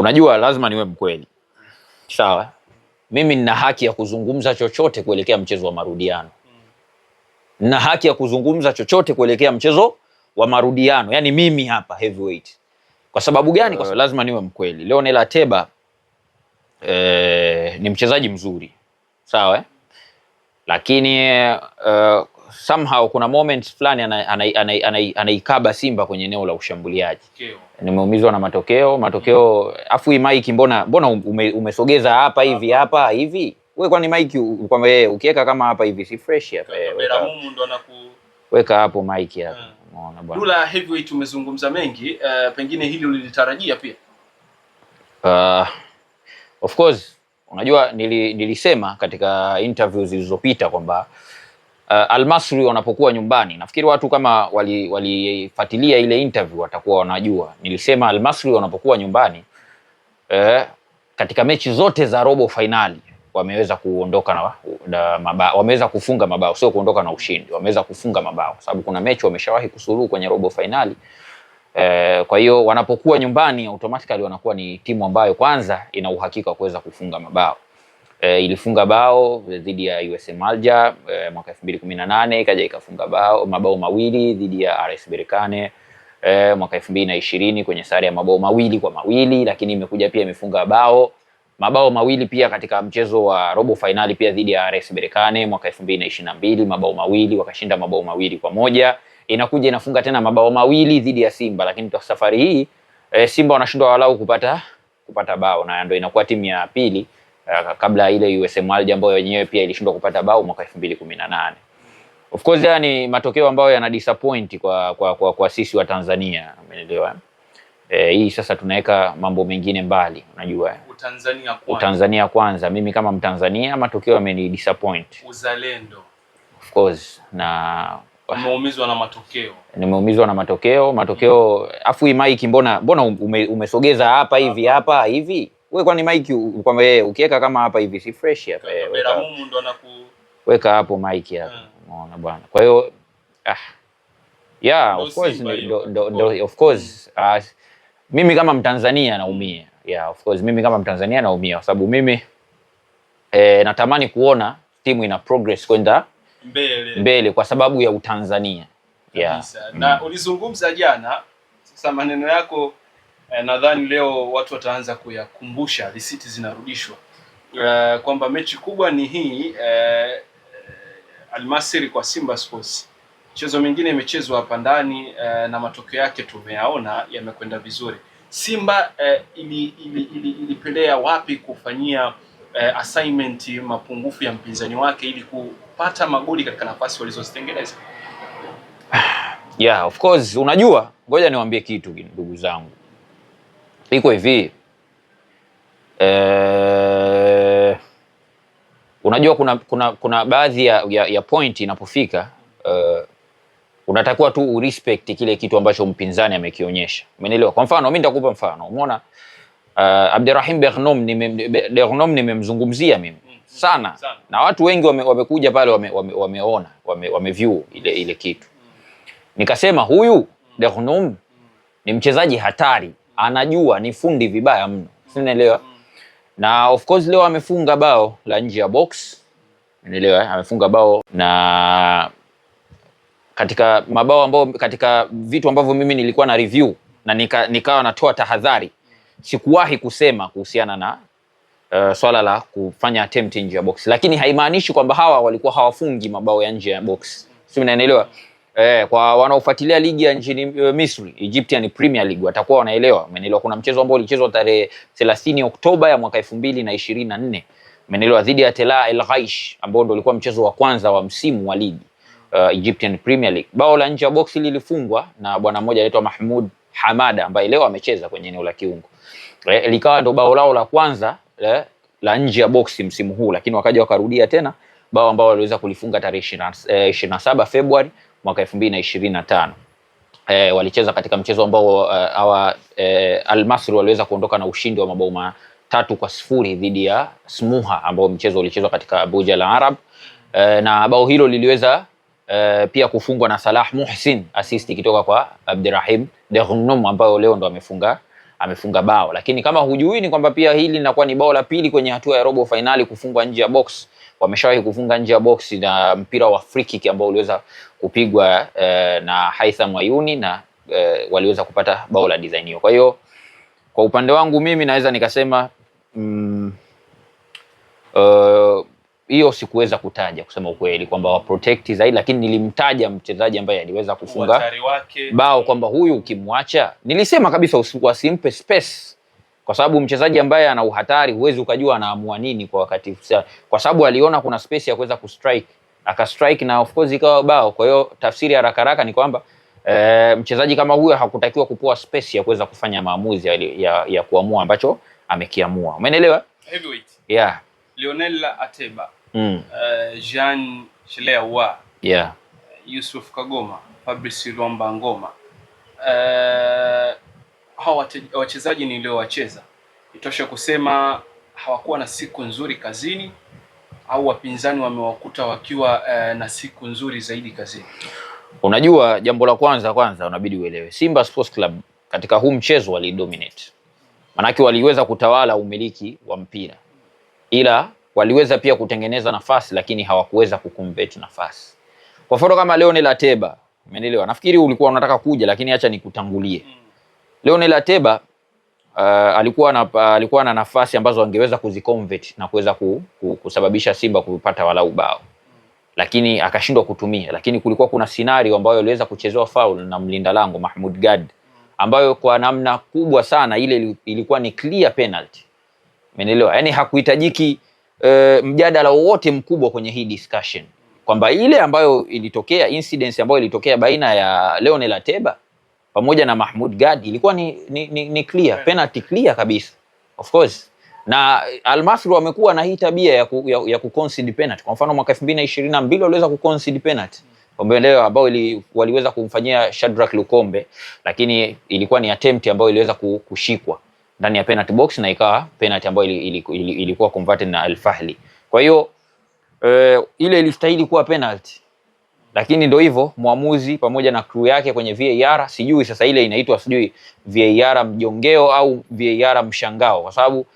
Unajua, lazima niwe mkweli, sawa. Mimi nina haki ya kuzungumza chochote kuelekea mchezo wa marudiano, nina haki ya kuzungumza chochote kuelekea mchezo wa marudiano, yani mimi hapa Heavyweight. Kwa sababu gani? Kwa eh. sababu lazima niwe mkweli. Leonel Ateba eh, ni mchezaji mzuri sawa, eh? lakini eh, somehow kuna moment fulani anaikaba ana, ana, ana, ana Simba kwenye eneo la ushambuliaji. Nimeumizwa na matokeo matokeo, afu hii Mike, mbona mbona ume, umesogeza hapa hivi hapa hivi we, kwani Mike kwamba yeye ukiweka kama hapa hivi si fresh hapa, eh, weka weka hapo Mike hapa. Eh. Umeona bwana, Dula Heavyweight, umezungumza mengi uh, pengine hili ulilitarajia pia uh, of course unajua nili, nilisema katika interviews zilizopita kwamba uh, Almasri wanapokuwa nyumbani, nafikiri watu kama walifuatilia wali ile interview watakuwa wanajua nilisema Almasri wanapokuwa nyumbani eh, katika mechi zote za robo fainali wameweza kuondoka na, na mabao, wameweza kufunga mabao, sio kuondoka na ushindi, wameweza kufunga mabao, sababu kuna mechi wameshawahi kusuruhu kwenye robo fainali eh, kwa hiyo wanapokuwa nyumbani automatically wanakuwa ni timu ambayo kwanza ina uhakika wa kuweza kufunga mabao eh, ilifunga bao eh, dhidi ya USM Alger eh, mwaka 2018 ikaja ikafunga bao mabao mawili dhidi ya RS Berkane eh, mwaka 2020 kwenye sare ya mabao mawili kwa mawili, lakini imekuja pia imefunga bao mabao mawili pia katika mchezo wa robo fainali pia dhidi ya RS Berkane mwaka 2022 mabao mawili wakashinda mabao mawili kwa moja. Inakuja inafunga tena mabao mawili dhidi ya Simba, lakini kwa safari hii e, Simba wanashindwa walau kupata kupata bao na ndio inakuwa timu ya pili Eh, kabla ile USM Alger ambayo wenyewe pia ilishindwa kupata bao mwaka 2018. Of course haya ni matokeo ambayo yana disappoint kwa, kwa, kwa, kwa sisi wa Tanzania umeelewa. Eh, hii sasa tunaweka mambo mengine mbali, unajua Utanzania kwanza. Utanzania kwanza, mimi kama Mtanzania matokeo yameni disappoint. Uzalendo. Of course na nimeumizwa na matokeo, nimeumizwa na matokeo matokeo. Mm-hmm. Afu hii mike mbona mbona umesogeza hapa hivi hapa hivi wewe kwani mike kwamba yeye ukiweka kama hapa hivi si fresh hapa yeye. Kamera mumu ndo anaku weka hapo mike hapa. Eh. Unaona bwana. Kwa hiyo ah yeah, of course ndo of course mm. ah, mimi kama Mtanzania naumia. Yeah, of course mimi kama Mtanzania naumia kwa sababu mimi eh, natamani kuona timu ina progress kwenda mbele mbele kwa sababu ya Utanzania. Yeah. Na mm. ulizungumza jana sasa maneno yako Eh, nadhani leo watu wataanza kuyakumbusha, risiti zinarudishwa uh, kwamba mechi kubwa ni hii uh, eh, Almasiri kwa Simba Sports. Michezo mingine imechezwa hapa ndani uh, na matokeo yake tumeyaona yamekwenda vizuri. Simba ili, ilipelea wapi kufanyia e, assignment mapungufu ya mpinzani wake ili kupata magoli katika nafasi walizozitengeneza? Yeah, of course, unajua, ngoja niwaambie kitu ndugu zangu iko hivi e, unajua kuna, kuna, kuna baadhi ya, ya, ya point inapofika e, unatakiwa tu urespect kile kitu ambacho mpinzani amekionyesha. Umeelewa? Kwa mfano mimi nitakupa mfano, umeona uh, Abdurahim Bernom nimemzungumzia mimi mm, mm, sana, sana na watu wengi wame, wamekuja pale wameona wame, wame wameview wame ile, ile kitu mm. nikasema huyu Bernom ni mchezaji hatari anajua ni fundi vibaya mno, sinaelewa. Na of course leo amefunga bao la nje ya box, unaelewa, eh? amefunga bao na katika mabao ambao katika vitu ambavyo mimi nilikuwa na review na nika, nikawa natoa tahadhari, sikuwahi kusema kuhusiana na uh, swala la kufanya attempt nje ya box, lakini haimaanishi kwamba hawa walikuwa hawafungi mabao ya nje ya box, si unaelewa. Eh, kwa wanaofuatilia ligi ya nchini uh, Misri, Egyptian Premier League watakuwa wanaelewa. Umeelewa, kuna mchezo ambao ulichezwa tarehe 30 Oktoba ya mwaka 2024. mbili umeelewa, dhidi ya Tela El Gaish ambao ndio ulikuwa mchezo wa kwanza wa msimu wa ligi uh, Egyptian Premier League. Bao la nje ya boksi lilifungwa na bwana mmoja anaitwa Mahmoud Hamada ambaye leo amecheza kwenye eneo la kiungo. Eh, likawa ndio bao lao la kwanza le, eh, la nje ya boksi msimu huu, lakini wakaja wakarudia tena bao ambao waliweza kulifunga tarehe 27 Februari mwaka tano E, walicheza katika mchezo ambao uh, hawa e, al waliweza kuondoka na ushindi wa mabao matatu kwa sifuri dhidi ya Smuha ambao mchezo ulichezwa katika Abuja la Arab e, na bao hilo liliweza e, pia kufungwa na Salah Muhsin assist kutoka kwa Abdirahim Deghnum ambayo leo ndo amefunga amefunga bao, lakini kama hujui ni kwamba pia hili linakuwa ni bao la pili kwenye hatua ya robo fainali kufungwa nje ya box wameshawahi kufunga nje ya boksi na mpira wa free kick ambao uliweza kupigwa eh, na Haitham Ayuni na eh, waliweza kupata bao la design hiyo. Kwa hiyo kwa upande wangu mimi naweza nikasema mm, uh, hiyo sikuweza kutaja kusema ukweli kwamba wa protect zaidi, lakini nilimtaja mchezaji ambaye aliweza kufunga bao kwamba huyu ukimwacha, nilisema kabisa wasimpe space kwa sababu mchezaji ambaye ana uhatari huwezi ukajua anaamua nini kwa wakati, kwa sababu aliona kuna space ya kuweza kustrike strike na of course ikawa bao. Kwa hiyo tafsiri haraka haraka ni kwamba e, mchezaji kama huyo hakutakiwa kupewa space ya kuweza kufanya maamuzi ya, ya, ya kuamua ambacho amekiamua. Umeelewa? Heavyweight. Yeah. Lionel Ateba. Mm. Uh, Jean Chelea wa. Yeah. Eh, Yusuf Kagoma, Fabrice Lwamba Ngoma. Uh, hawa wachezaji niliowacheza, itosha kusema hawakuwa na siku nzuri kazini au wapinzani wamewakuta wakiwa eh, na siku nzuri zaidi kazini. Unajua, jambo la kwanza kwanza unabidi uelewe Simba Sports Club katika huu mchezo dominate, manake waliweza kutawala umiliki wa mpira, ila waliweza pia kutengeneza nafasi, lakini hawakuweza kuconvert nafasi. Kwa mfano kama leo ni Lateba, umeelewa? Nafikiri ulikuwa unataka kuja, lakini acha nikutangulie mm. Leonel Ateba uh, alikuwa na, uh, alikuwa na nafasi ambazo angeweza kuziconvert na kuweza ku, ku, kusababisha Simba kupata walau bao lakini akashindwa kutumia, lakini kulikuwa kuna scenario ambayo aliweza kuchezewa faul na mlinda lango Mahmud Gad ambayo kwa namna kubwa sana ile ilikuwa ni clear penalty. Umeelewa? Yaani hakuhitajiki e, mjadala wowote mkubwa kwenye hii discussion kwamba ile ambayo ilitokea incident ambayo ilitokea baina ya Leonel Ateba pamoja na Mahmud Gadi ilikuwa ni, ni, ni, ni clear penalty clear kabisa of course, na Almasri wamekuwa na hii tabia ya, ku, ya, ya ku concede penalty. Kwa mfano mwaka 2022 waliweza concede penalty pombeleo ambao ili, waliweza kumfanyia Shadrack Lukombe, lakini ilikuwa ni attempt ambayo iliweza kushikwa ndani ya penalty box na ikawa penalty ambayo ili, ili, ili, ilikuwa converted na Al Fahli. Kwa hiyo eh, ile ilistahili kuwa penalty lakini ndo hivyo mwamuzi pamoja na crew yake kwenye VAR, sijui sasa ile inaitwa sijui VAR mjongeo au VAR mshangao, kwa sababu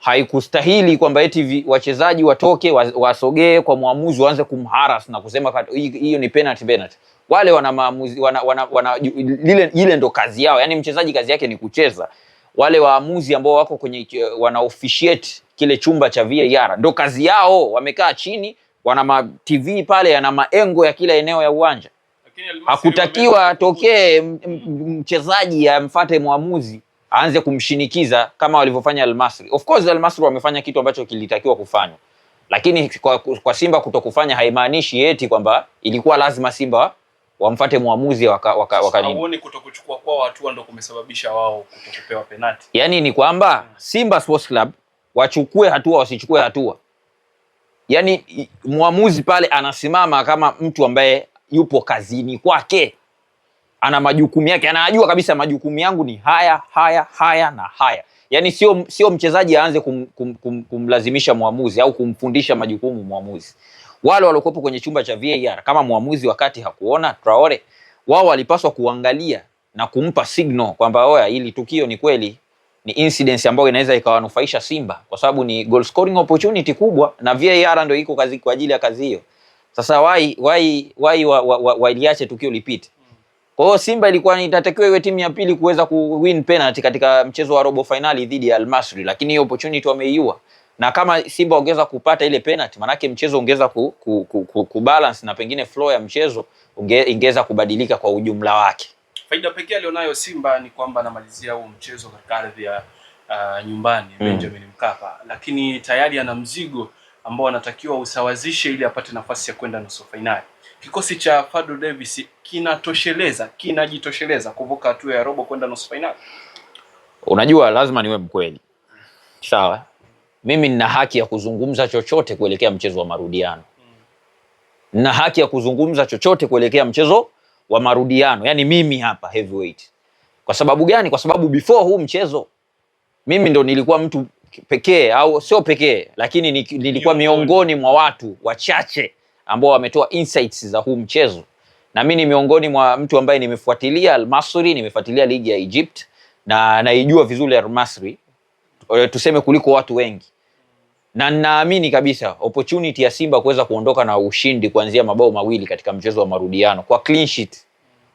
haikustahili kwamba eti wachezaji watoke wasogee kwa mwamuzi waanze kumharas na kusema hiyo ni penalty penalty. Wale wana maamuzi wana, wana, wana, lile, ile ndo kazi yao, yani mchezaji kazi yake ni kucheza. Wale waamuzi ambao wako kwenye wana officiate kile chumba cha VAR ndo kazi yao, wamekaa chini wana ma TV pale yana maengo ya kila eneo ya uwanja. Hakutakiwa atokee mchezaji amfate mwamuzi aanze kumshinikiza kama walivyofanya Almasri. Of course Almasri wamefanya kitu ambacho kilitakiwa kufanywa, lakini kwa, kwa Simba kutokufanya haimaanishi eti kwamba ilikuwa lazima Simba wamfate mwamuzi waka, waka, waka nini. Kutokuchukua kwa watu ndio kumesababisha wao kutokupewa penalti. Yaani ni kwamba hmm. Simba Sports Club wachukue hatua wasichukue hatua yani mwamuzi pale anasimama kama mtu ambaye yupo kazini kwake, ana majukumu yake, anajua kabisa majukumu yangu ni haya haya haya na haya. Yani sio sio mchezaji aanze kum, kum, kum, kumlazimisha mwamuzi au kumfundisha majukumu mwamuzi. Wale waliokuwepo kwenye chumba cha VAR kama mwamuzi wakati hakuona Traore, wao walipaswa kuangalia na kumpa signal kwamba oya, hili tukio ni kweli ni incidence ambayo inaweza ikawanufaisha Simba kwa sababu ni goal scoring opportunity kubwa, na VAR ndio iko kazi kwa ajili ya kazi hiyo. Sasa wai wai wai wailiache wa, wa, tukio lipite. Kwa hiyo Simba ilikuwa inatakiwa iwe timu ya pili kuweza kuwin penalty katika mchezo wa robo finali dhidi ya Al-Masri, lakini hiyo opportunity wameiua, na kama Simba ongeza kupata ile penalty, manake mchezo ongeza ku, ku, ku, ku, ku balance na pengine flow ya mchezo ingeweza kubadilika kwa ujumla wake. Faida pekee alionayo Simba ni kwamba anamalizia huu mchezo katika ardhi ya uh, nyumbani mm. Benjamin Mkapa, lakini tayari ana mzigo ambao anatakiwa usawazishe ili apate nafasi ya kwenda nusu fainali. Kikosi cha Fadlu Davis kinatosheleza, kinajitosheleza kuvuka hatua ya robo kwenda nusu fainali. Unajua, lazima niwe mkweli, sawa. Mimi nina haki ya kuzungumza chochote kuelekea mchezo wa marudiano, mm. nina haki ya kuzungumza chochote kuelekea mchezo wa marudiano, yani mimi hapa Heavyweight. Kwa sababu gani? Kwa sababu before huu mchezo mimi ndo nilikuwa mtu pekee au sio pekee, lakini nilikuwa miongoni mwa watu wachache ambao wametoa insights za huu mchezo, na mimi ni miongoni mwa mtu ambaye nimefuatilia Al-Masri, nimefuatilia ligi ya Egypt na naijua vizuri Al-Masri tuseme kuliko watu wengi na ninaamini kabisa opportunity ya Simba kuweza kuondoka na ushindi kuanzia mabao mawili katika mchezo wa marudiano kwa clean sheet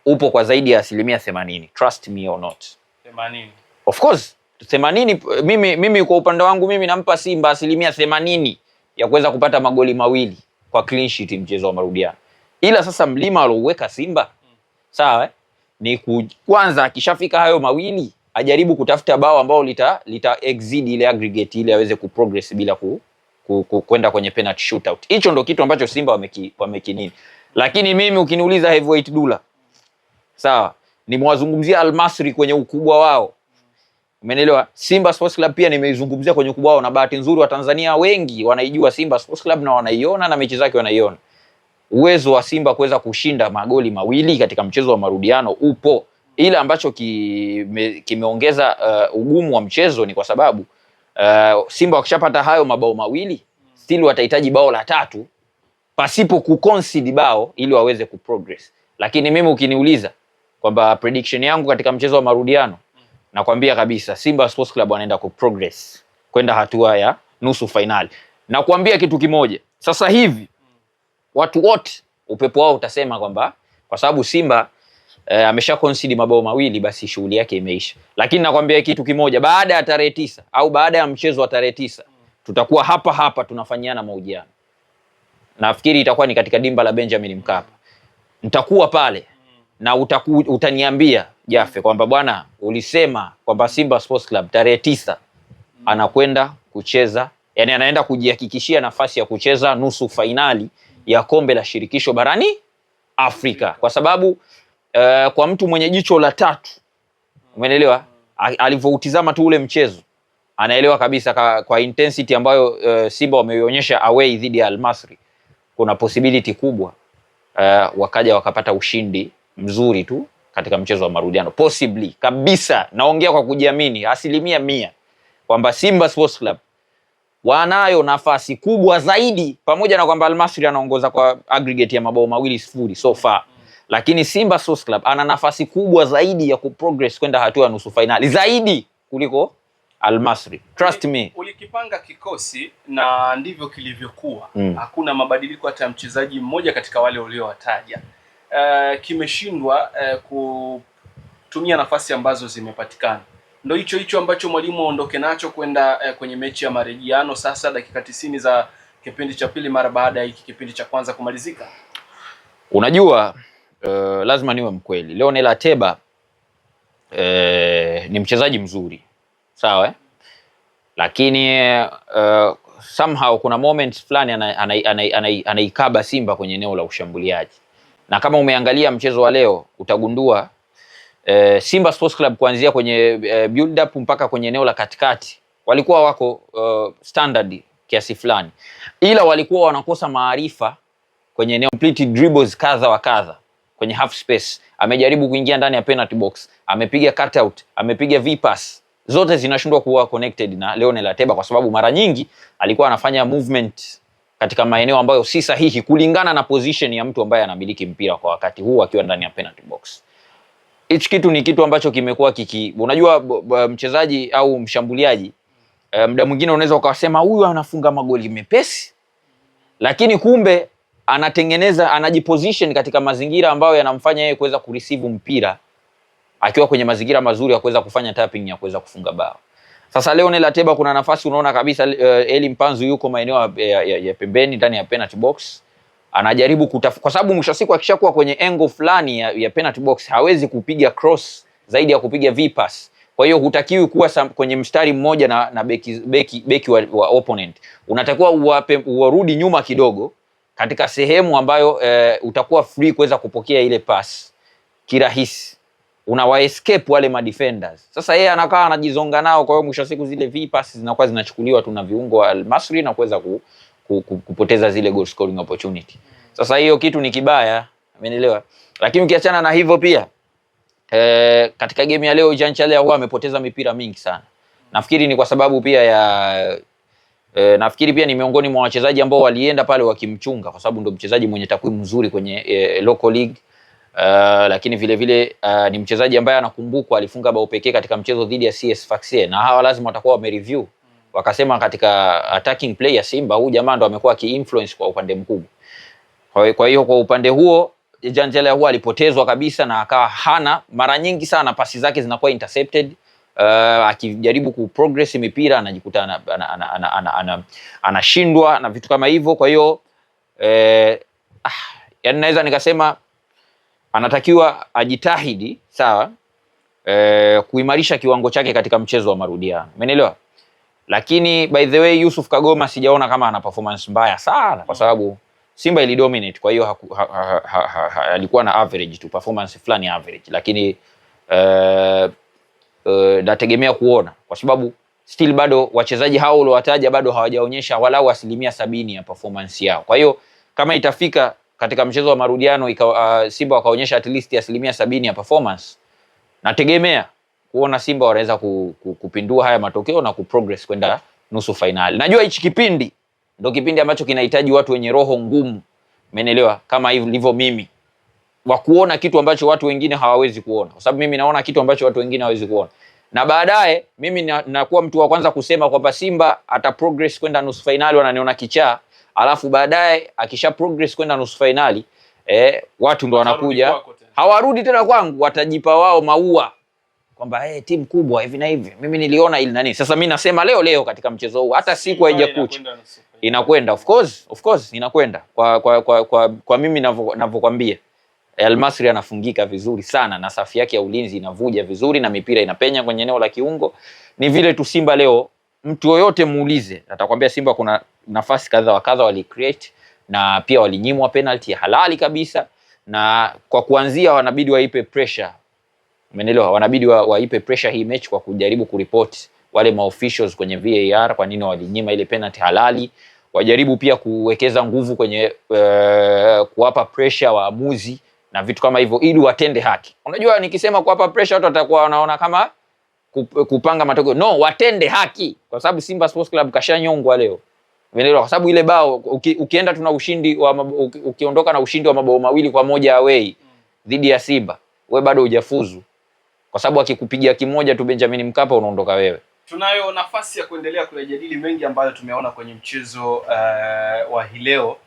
upo kwa zaidi ya asilimia themanini. Trust me or not, themanini. Of course themanini. Mimi, mimi kwa upande wangu mimi nampa Simba asilimia themanini ya kuweza kupata magoli mawili kwa clean sheet mchezo wa marudiano, ila sasa mlima alouweka Simba sawa eh? ni kwanza akishafika hayo mawili ajaribu kutafuta bao ambao lita, lita exceed ile aggregate ili aweze kuprogress bila ku, ku, ku, kwenda kwenye penalty shootout. Hicho ndo kitu ambacho Simba wameki wameki nini. lakini mimi ukiniuliza Heavyweight Dula, sawa, nimewazungumzia Almasri kwenye ukubwa wao, umeelewa. Simba Sports Club pia nimeizungumzia kwenye ukubwa wao, na bahati nzuri Watanzania wengi wanaijua Simba Sports Club na wanaiona na mechi zake wanaiona. Uwezo wa Simba kuweza kushinda magoli mawili katika mchezo wa marudiano upo ile ambacho kimeongeza ki uh, ugumu wa mchezo ni kwa sababu uh, Simba wakishapata hayo mabao mawili still watahitaji bao la tatu pasipo kuconcede bao ili waweze kuprogress. Lakini mimi ukiniuliza kwamba prediction yangu katika mchezo wa marudiano nakwambia kabisa Simba Sports Club wanaenda kuprogress kwenda hatua ya nusu fainali. Nakwambia kitu kimoja, sasa hivi watu wote upepo wao utasema kwamba kwa sababu Simba eh, amesha concede mabao mawili, basi shughuli yake imeisha. Lakini nakwambia kitu kimoja, baada ya tarehe tisa au baada ya mchezo wa tarehe tisa tutakuwa hapa hapa tunafanyiana mahojiano. Nafikiri itakuwa ni katika dimba la Benjamin Mkapa, nitakuwa pale na utaku, utaniambia Jafe kwamba bwana, ulisema kwamba Simba Sports Club tarehe tisa anakwenda kucheza yani, anaenda kujihakikishia nafasi ya kucheza nusu fainali ya kombe la shirikisho barani Afrika kwa sababu uh, kwa mtu mwenye jicho la tatu, umeelewa, hmm. alivyoutizama tu ule mchezo anaelewa kabisa ka, kwa intensity ambayo uh, Simba wameionyesha away dhidi ya Almasri kuna possibility kubwa uh, wakaja wakapata ushindi mzuri tu katika mchezo wa marudiano possibly kabisa, naongea kwa kujiamini asilimia mia kwamba Simba Sports Club wanayo nafasi kubwa zaidi, pamoja na kwamba Almasri anaongoza kwa aggregate ya mabao mawili sifuri so far lakini Simba Sports Club ana nafasi kubwa zaidi ya kuprogress kwenda hatua ya nusu fainali zaidi kuliko Almasri. Trust me. Ulikipanga kikosi na ndivyo kilivyokuwa mm. Hakuna mabadiliko hata ya mchezaji mmoja katika wale uliowataja. Uh, kimeshindwa uh, kutumia nafasi ambazo zimepatikana. Ndio hicho hicho ambacho mwalimu aondoke nacho kwenda uh, kwenye mechi ya marejiano sasa, dakika tisini za kipindi cha pili, mara baada ya hiki kipindi cha kwanza kumalizika. Unajua Eh, lazima niwe mkweli. Leonel Ateba eh, ni mchezaji mzuri sawa, eh? Lakini uh, somehow kuna moments fulani anaikaba ana, ana, ana, ana, ana Simba kwenye eneo la ushambuliaji, na kama umeangalia mchezo wa leo utagundua uh, Simba Sports Club kuanzia kwenye uh, build up mpaka kwenye eneo la katikati walikuwa wako uh, standard kiasi fulani, ila walikuwa wanakosa maarifa kwenye eneo, complete dribbles kadha wa kadha kwenye half space, amejaribu kuingia ndani ya penalty box, amepiga out, amepiga v-pass, zote zinashindwa kuwa connected na Lionel Ateba, kwa sababu mara nyingi alikuwa anafanya movement katika maeneo ambayo si sahihi kulingana na position ya mtu ambaye anamiliki mpira kwa wakati huu akiwa ndani ya penalty box. Hichi kitu ni kitu ambacho kimekuwa kiki, unajua mchezaji au mshambuliaji eh, muda um, mwingine unaweza ukasema huyu anafunga magoli mepesi, lakini kumbe anatengeneza anajiposition katika mazingira ambayo yanamfanya yeye kuweza kureceive mpira akiwa kwenye mazingira mazuri ya kuweza kufanya tapping ya kuweza kufunga bao. Sasa Leonel Ateba kuna nafasi unaona kabisa uh, Eli Mpanzu yuko maeneo ya, ya, ya, ya pembeni ndani ya penalty box anajaribu kutaf kwa sababu mwisho siku akishakuwa kwenye angle fulani ya, ya penalty box hawezi kupiga cross zaidi ya kupiga v pass. Kwa hiyo hutakiwi kuwa sam, kwenye mstari mmoja na, na beki, beki, beki wa, wa opponent unatakiwa uwarudi nyuma kidogo katika sehemu ambayo e, utakuwa free kuweza kupokea ile pass kirahisi, unawa escape wale ma defenders. Sasa yeye anakaa anajizonga nao, kwa hiyo mwisho wa siku zile v pass zinakuwa zinachukuliwa tu na viungo wa Al-Masri na kuweza ku, ku, ku, kupoteza zile goal scoring opportunity. Sasa hiyo kitu ni kibaya, amenielewa. Lakini ukiachana na hivyo pia e, katika game ya leo Jean Charles huwa amepoteza mipira mingi sana, nafikiri ni kwa sababu pia ya E, nafikiri pia ni miongoni mwa wachezaji ambao walienda pale wakimchunga kwa sababu ndo mchezaji mwenye takwimu nzuri kwenye e, local league. Uh, lakini vile vile uh, ni mchezaji ambaye anakumbukwa, alifunga bao pekee katika mchezo dhidi ya CS Sfaxien, na hawa lazima watakuwa wamereview wakasema, katika attacking player Simba huyu jamaa ndo amekuwa akiinfluence kwa upande mkubwa. Kwa hiyo kwa upande huo Janjela huwa alipotezwa kabisa na akawa hana mara nyingi sana pasi zake zinakuwa intercepted uh, akijaribu kuprogress mipira anajikuta anashindwa na vitu kama hivyo. Kwa hiyo eh, ah, yani naweza nikasema anatakiwa ajitahidi sawa, eh, kuimarisha kiwango chake katika mchezo wa marudiano, umeelewa? Lakini by the way Yusuf Kagoma sijaona kama ana performance mbaya sana kwa sababu Simba dominate, kwa hiyo alikuwa na average tu performance fulani average, lakini uh, uh, nategemea kuona kwa sababu still bado wachezaji hao uliowataja bado hawajaonyesha walau asilimia sabini ya performance yao. Kwa hiyo kama itafika katika mchezo wa marudiano uh, Simba wakaonyesha at least asilimia sabini ya performance, nategemea kuona Simba wanaweza ku, ku, kupindua haya matokeo na kuprogress kwenda nusu fainali. Najua hichi kipindi ndo kipindi ambacho kinahitaji watu wenye roho ngumu, menelewa kama ilivyo mimi wa kuona kitu ambacho watu wengine hawawezi kuona, kwa sababu mimi naona kitu ambacho watu wengine hawawezi kuona, na baadaye mimi nakuwa mtu wa kwanza kusema kwamba Simba ata progress kwenda nusu fainali, wananiona kichaa, alafu baadaye akisha progress kwenda nusu fainali eh, watu ndo wanakuja hawarudi tena kwangu, watajipa wao maua kwamba hey, eh, timu kubwa hivi na hivi, mimi niliona ili nani. Sasa mimi nasema leo leo katika mchezo huu hata siku haijakucha inakwenda, of course, of course inakwenda kwa, kwa, kwa, kwa, kwa mimi ninavyokuambia. Almasri anafungika vizuri sana na safu yake ya ulinzi inavuja vizuri na mipira inapenya kwenye eneo la kiungo. Ni vile tu Simba leo, mtu yoyote muulize atakwambia Simba kuna nafasi kadha wa kadha wali create na pia walinyimwa penalty halali kabisa, na kwa kuanzia wanabidi waipe pressure, umeelewa? Wanabidi wa, waipe pressure hii mechi kwa kujaribu kuripoti wale maofficials kwenye VAR kwa nini walinyima ile penalty halali. Wajaribu pia kuwekeza nguvu kwenye uh, kuwapa pressure waamuzi na vitu kama hivyo, ili watende haki. Unajua, nikisema kuwapa pressure watu watakuwa wanaona kama kupanga matokeo. No, watende haki, kwa sababu Simba Sports Club kashanyongwa leo, unaelewa? Kwa sababu ile bao uki, ukienda tuna ushindi wa ukiondoka na ushindi wa mabao mawili kwa moja away dhidi ya Simba, we bado hujafuzu, kwa sababu akikupigia kimoja tu Benjamin Mkapa unaondoka wewe. Tunayo nafasi ya kuendelea kuyajadili mengi ambayo tumeona kwenye mchezo uh, wa hii leo